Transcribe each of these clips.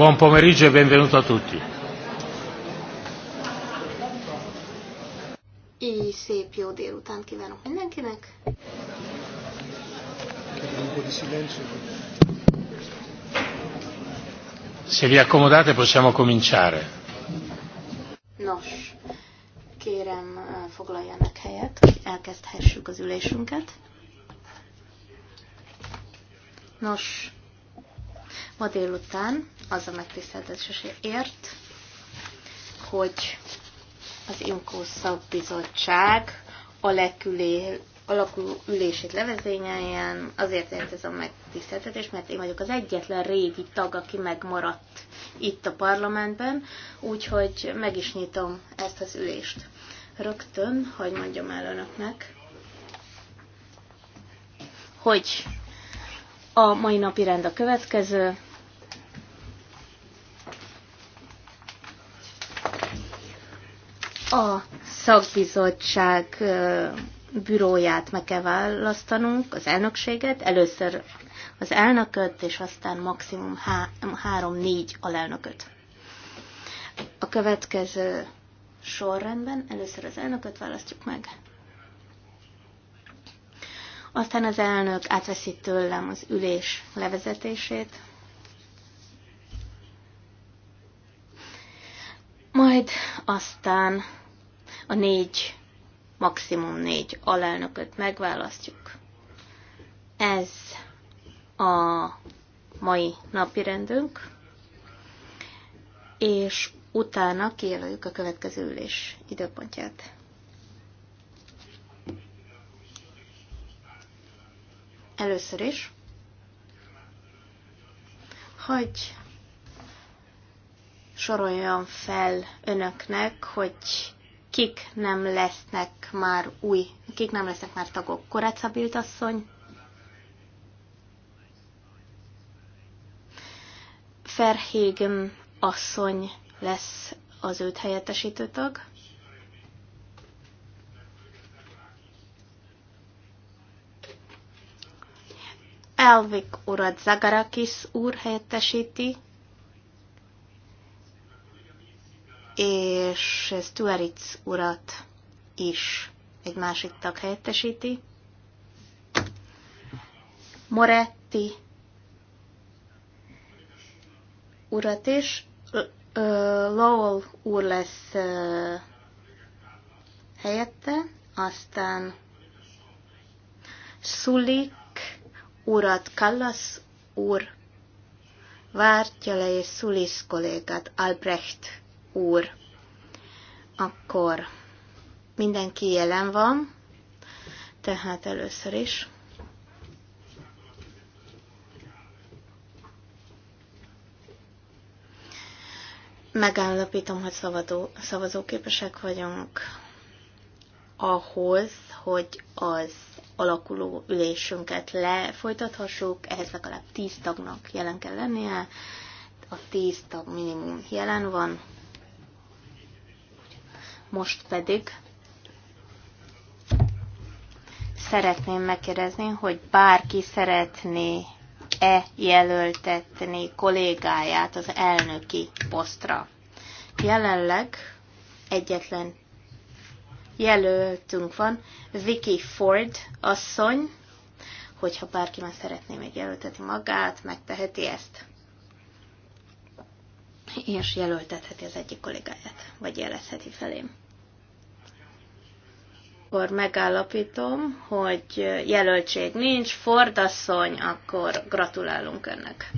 Buon pomeriggio e benvenuto a tutti. Így szép jó délután kívánok mindenkinek. Se vi accomodate possiamo cominciare. Nos, kérem foglaljanak helyet, hogy elkezdhessük az ülésünket. Nos, ma délután az a ért, hogy az IMCO szakbizottság alakülé, alakul ülését levezényeljen. Azért ért ez a megtiszteltetés, mert én vagyok az egyetlen régi tag, aki megmaradt itt a parlamentben, úgyhogy meg is nyitom ezt az ülést. Rögtön, hogy mondjam el önöknek, hogy a mai napi rend a következő. A szakbizottság büróját meg kell választanunk, az elnökséget, először az elnököt, és aztán maximum három-négy alelnököt. A következő sorrendben először az elnököt választjuk meg, aztán az elnök átveszi tőlem az ülés levezetését, majd, aztán a négy, maximum négy alelnököt megválasztjuk. Ez a mai napi rendünk, és utána kijelöljük a következő ülés időpontját. Először is, hogy soroljam fel önöknek, hogy kik nem lesznek már új, kik nem lesznek már tagok. Koráca Bildasszony, Ferhégem asszony lesz az őt helyettesítő tag. Elvik urat Zagarakis úr helyettesíti, és ez Tuaric urat is egy másik tag helyettesíti. Moretti urat is, Lowell úr lesz helyette, aztán Szulik urat Kallas úr vártja le és Szulis kollégát Albrecht úr. Akkor mindenki jelen van, tehát először is. Megállapítom, hogy szavadó, szavazóképesek vagyunk ahhoz, hogy az alakuló ülésünket lefolytathassuk, ehhez legalább tíz tagnak jelen kell lennie, a tíz tag minimum jelen van, most pedig szeretném megkérdezni, hogy bárki szeretné-e jelöltetni kollégáját az elnöki posztra. Jelenleg egyetlen jelöltünk van, Vicky Ford asszony, hogyha bárki már szeretné még jelöltetni magát, megteheti ezt. És jelöltetheti az egyik kollégáját, vagy jelezheti felém akkor megállapítom, hogy jelöltség nincs. Fordasszony, akkor gratulálunk önnek.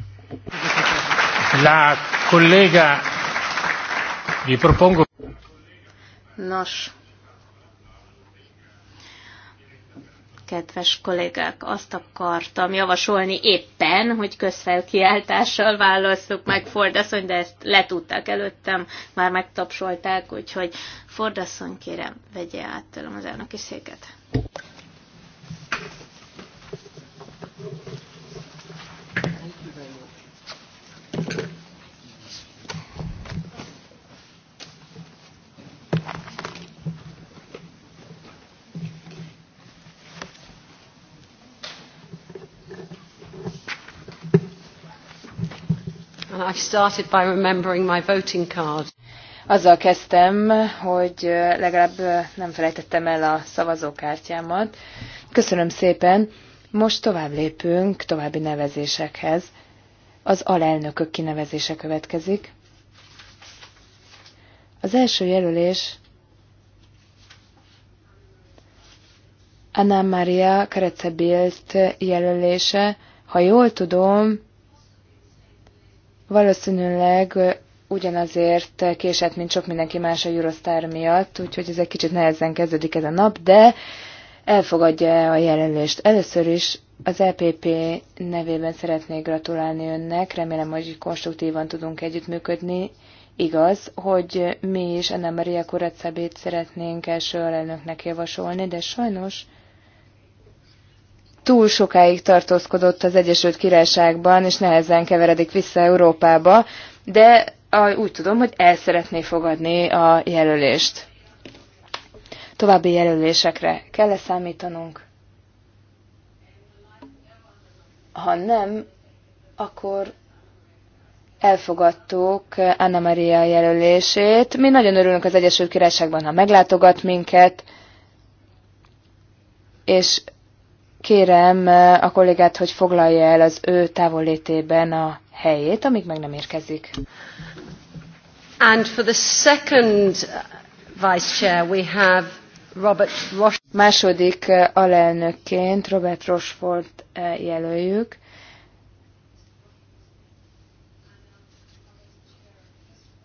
La collega, vi propongo... Nos, kedves kollégák, azt akartam javasolni éppen, hogy közfelkiáltással válasszuk meg Fordaszony, de ezt letudták előttem, már megtapsolták, úgyhogy Fordaszony kérem, vegye át tőlem az elnöki széket. I started by remembering my voting card. Azzal kezdtem, hogy legalább nem felejtettem el a szavazókártyámat. Köszönöm szépen. Most tovább lépünk további nevezésekhez. Az alelnökök kinevezése következik. Az első jelölés Anna Maria Krecebilt jelölése, ha jól tudom, valószínűleg ugyanazért késett, mint sok mindenki más a Eurostar miatt, úgyhogy ez egy kicsit nehezen kezdődik ez a nap, de elfogadja a jelenlést. Először is az EPP nevében szeretnék gratulálni önnek, remélem, hogy konstruktívan tudunk együttműködni. Igaz, hogy mi is Anna Maria Kuracabét szeretnénk első alelnöknek javasolni, de sajnos túl sokáig tartózkodott az Egyesült Királyságban, és nehezen keveredik vissza Európába, de úgy tudom, hogy el szeretné fogadni a jelölést. További jelölésekre kell-e számítanunk? Ha nem, akkor elfogadtuk Anna Maria jelölését. Mi nagyon örülünk az Egyesült Királyságban, ha meglátogat minket, és Kérem a kollégát, hogy foglalja el az ő távollétében a helyét, amíg meg nem érkezik. And for the second uh, vice chair we have Robert Roche. Második alelnökként Robert Rochefort jelöljük.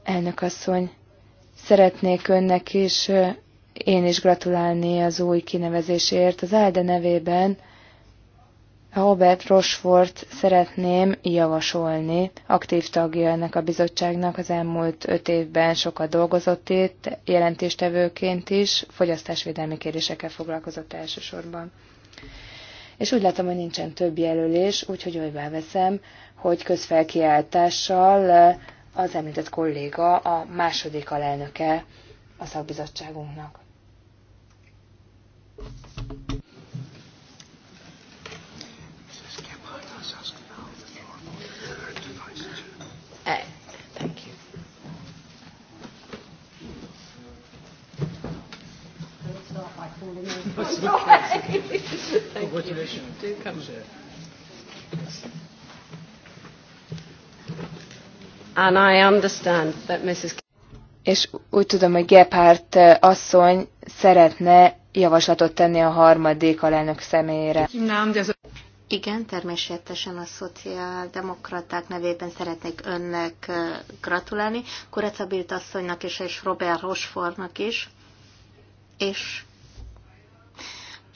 Elnök asszony, szeretnék önnek is én is gratulálni az új kinevezésért. Az Elde nevében Robert Rochefort szeretném javasolni, aktív tagja ennek a bizottságnak, az elmúlt öt évben sokat dolgozott itt, jelentéstevőként is, fogyasztásvédelmi kérdésekkel foglalkozott elsősorban. És úgy látom, hogy nincsen több jelölés, úgyhogy olybá veszem, hogy közfelkiáltással az említett kolléga a második alelnöke a szakbizottságunknak. Thank Congratulations. You. Do come. And I understand that Mrs. És úgy tudom, hogy Gephardt eh, asszony szeretne javaslatot tenni a harmadik alelnök személyére. igen, természetesen a szociáldemokraták nevében szeretnék önnek eh, gratulálni, Kureca asszonynak is, és Robert Rochefortnak is, és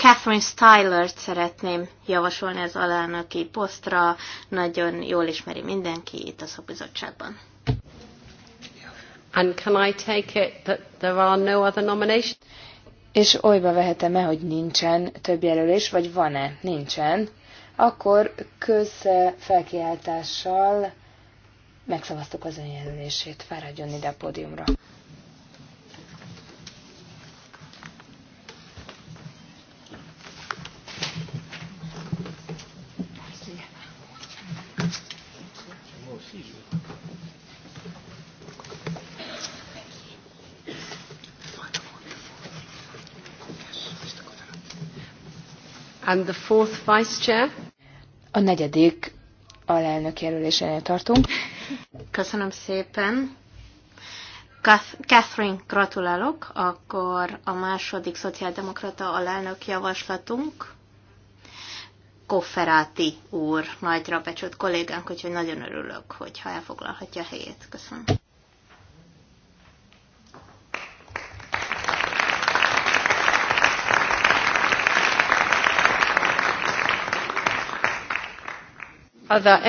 Catherine Styler-t szeretném javasolni az alelnöki posztra, nagyon jól ismeri mindenki itt a szakbizottságban. And can I take it that there are no other nominations? És olyba vehetem-e, hogy nincsen több jelölés, vagy van-e? Nincsen. Akkor közfelkiáltással megszavaztuk az önjelölését. Fáradjon ide a pódiumra. And the fourth vice chair. A negyedik alelnök jelölésénél tartunk. Köszönöm szépen. Catherine, gratulálok. Akkor a második szociáldemokrata alelnök javaslatunk. Kofferáti úr, nagyra becsült kollégánk, úgyhogy nagyon örülök, hogyha elfoglalhatja a helyét. Köszönöm.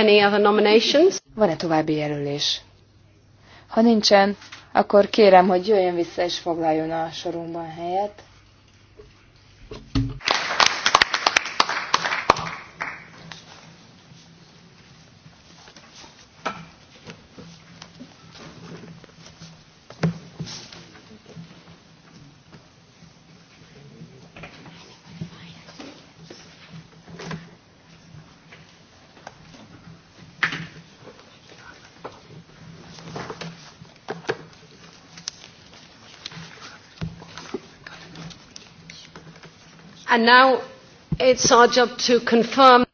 any other nominations? Van-e további jelölés? Ha nincsen, akkor kérem, hogy jöjjön vissza és foglaljon a sorunkban helyet.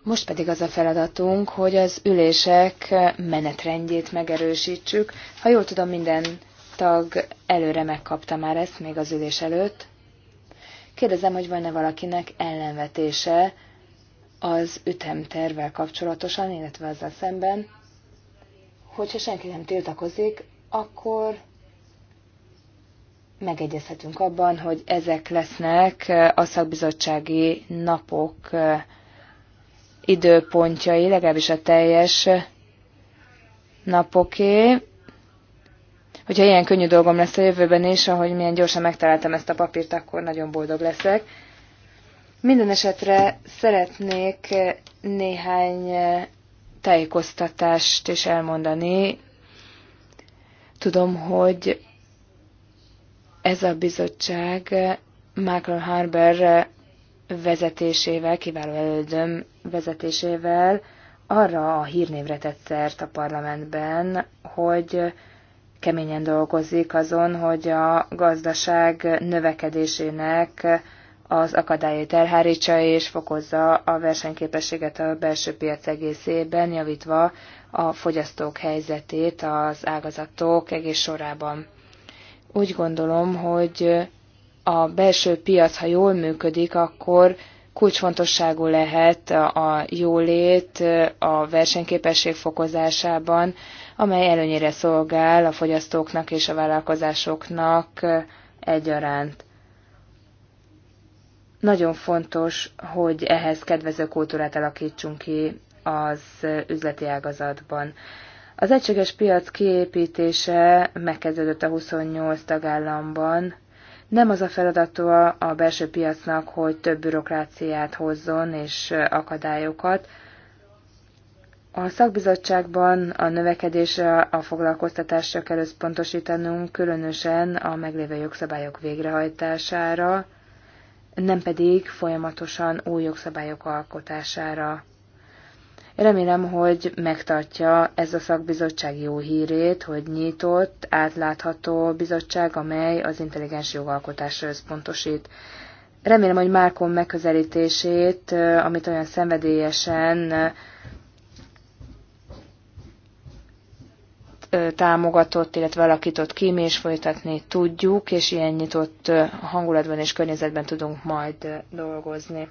Most pedig az a feladatunk, hogy az ülések menetrendjét megerősítsük. Ha jól tudom, minden tag előre megkapta már ezt, még az ülés előtt. Kérdezem, hogy van-e valakinek ellenvetése az ütemtervel kapcsolatosan, illetve azzal szemben, hogyha senki nem tiltakozik, akkor megegyezhetünk abban, hogy ezek lesznek eh, a szakbizottsági napok eh, időpontjai, legalábbis a teljes eh, napoké. Hogyha ilyen könnyű dolgom lesz a jövőben is, ahogy milyen gyorsan megtaláltam ezt a papírt, akkor nagyon boldog leszek. Minden esetre szeretnék néhány tájékoztatást is elmondani. Tudom, hogy ez a bizottság Michael Harber vezetésével, kiváló elődöm vezetésével arra a hírnévre tett szert a parlamentben, hogy keményen dolgozik azon, hogy a gazdaság növekedésének az akadályait elhárítsa és fokozza a versenyképességet a belső piac egészében, javítva a fogyasztók helyzetét az ágazatok egész sorában. Úgy gondolom, hogy a belső piac, ha jól működik, akkor kulcsfontosságú lehet a jólét a versenyképesség fokozásában, amely előnyére szolgál a fogyasztóknak és a vállalkozásoknak egyaránt. Nagyon fontos, hogy ehhez kedvező kultúrát alakítsunk ki az üzleti ágazatban. Az egységes piac kiépítése megkezdődött a 28 tagállamban. Nem az a feladata a belső piacnak, hogy több bürokráciát hozzon és akadályokat. A szakbizottságban a növekedésre, a foglalkoztatásra kell összpontosítanunk, különösen a meglévő jogszabályok végrehajtására, nem pedig folyamatosan új jogszabályok alkotására. Remélem, hogy megtartja ez a szakbizottság jó hírét, hogy nyitott, átlátható bizottság, amely az intelligens jogalkotásra összpontosít. Remélem, hogy Márkon megközelítését, amit olyan szenvedélyesen támogatott, illetve alakított ki, mi is folytatni tudjuk, és ilyen nyitott hangulatban és környezetben tudunk majd dolgozni.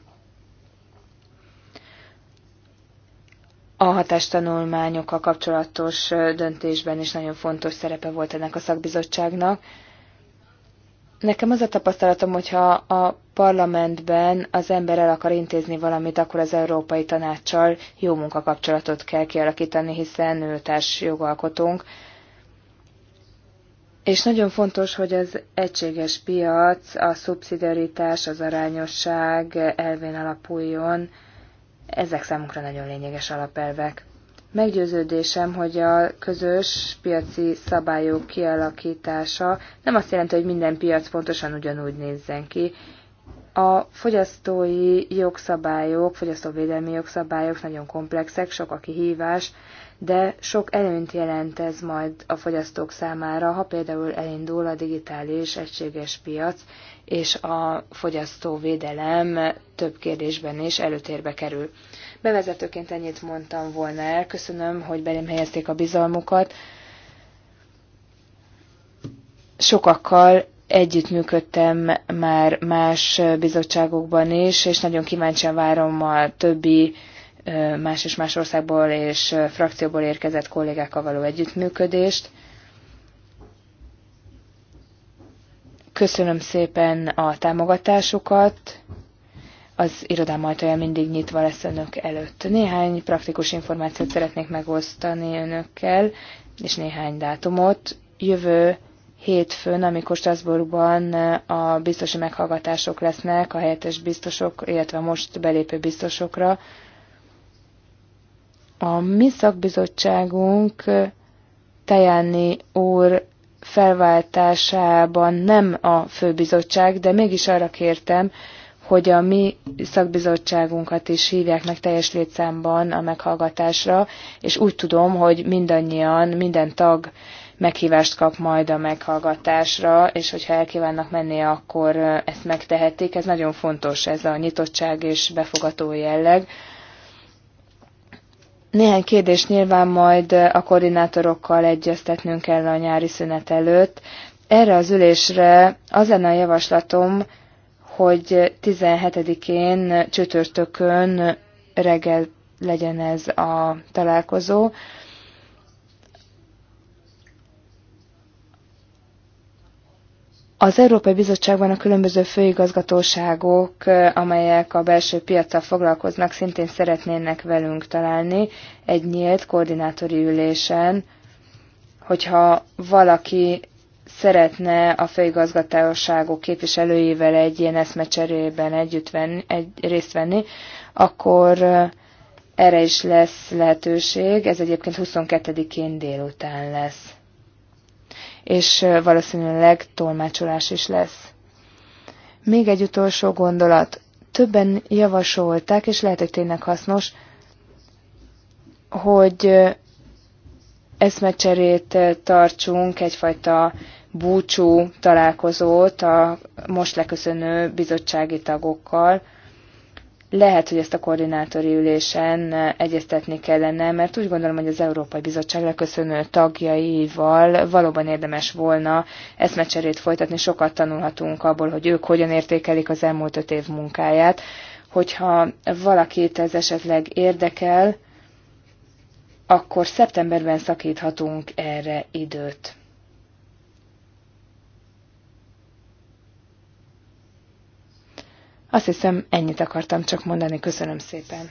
a hatástanulmányokkal kapcsolatos döntésben is nagyon fontos szerepe volt ennek a szakbizottságnak. Nekem az a tapasztalatom, hogyha a parlamentben az ember el akar intézni valamit, akkor az Európai Tanácssal jó munkakapcsolatot kell kialakítani, hiszen ő társ jogalkotónk. És nagyon fontos, hogy az egységes piac, a szubszidiaritás, az arányosság elvén alapuljon, ezek számunkra nagyon lényeges alapelvek. Meggyőződésem, hogy a közös piaci szabályok kialakítása nem azt jelenti, hogy minden piac pontosan ugyanúgy nézzen ki. A fogyasztói jogszabályok, fogyasztóvédelmi jogszabályok nagyon komplexek, sok a kihívás, de sok előnyt jelent ez majd a fogyasztók számára, ha például elindul a digitális egységes piac, és a fogyasztóvédelem több kérdésben is előtérbe kerül. Bevezetőként ennyit mondtam volna el, köszönöm, hogy belém helyezték a bizalmukat. Sokakkal együttműködtem már más bizottságokban is, és nagyon kíváncsian várom a többi más és más országból és frakcióból érkezett kollégákkal való együttműködést. Köszönöm szépen a támogatásukat. Az irodám ajtaja mindig nyitva lesz önök előtt. Néhány praktikus információt szeretnék megosztani önökkel, és néhány dátumot. Jövő hétfőn, amikor Strasbourgban a biztosi meghallgatások lesznek, a helyettes biztosok, illetve most belépő biztosokra, a mi szakbizottságunk Tejáni úr felváltásában nem a főbizottság, de mégis arra kértem, hogy a mi szakbizottságunkat is hívják meg teljes létszámban a meghallgatásra, és úgy tudom, hogy mindannyian, minden tag meghívást kap majd a meghallgatásra, és hogyha elkívánnak menni, akkor ezt megtehetik. Ez nagyon fontos, ez a nyitottság és befogató jelleg. Néhány kérdés nyilván majd eh, a koordinátorokkal egyeztetnünk kell a nyári szünet előtt. Erre az ülésre az lenne a javaslatom, hogy 17-én eh, csütörtökön reggel legyen ez a találkozó, Az Európai Bizottságban a különböző főigazgatóságok, amelyek a belső piaccal foglalkoznak, szintén szeretnének velünk találni egy nyílt koordinátori ülésen, hogyha valaki szeretne a főigazgatóságok képviselőjével egy ilyen eszmecserében együtt venni, egy, részt venni, akkor erre is lesz lehetőség. Ez egyébként 22-én délután lesz és valószínűleg tolmácsolás is lesz. Még egy utolsó gondolat. Többen javasolták, és lehet, hogy tényleg hasznos, hogy eszmecserét tartsunk, egyfajta búcsú találkozót a most leköszönő bizottsági tagokkal, lehet, hogy ezt a koordinátori ülésen egyeztetni kellene, mert úgy gondolom, hogy az Európai Bizottság leköszönő tagjaival valóban érdemes volna eszmecserét folytatni, sokat tanulhatunk abból, hogy ők hogyan értékelik az elmúlt öt év munkáját. Hogyha valakit ez esetleg érdekel, akkor szeptemberben szakíthatunk erre időt. Azt hiszem, ennyit akartam csak mondani. Köszönöm szépen.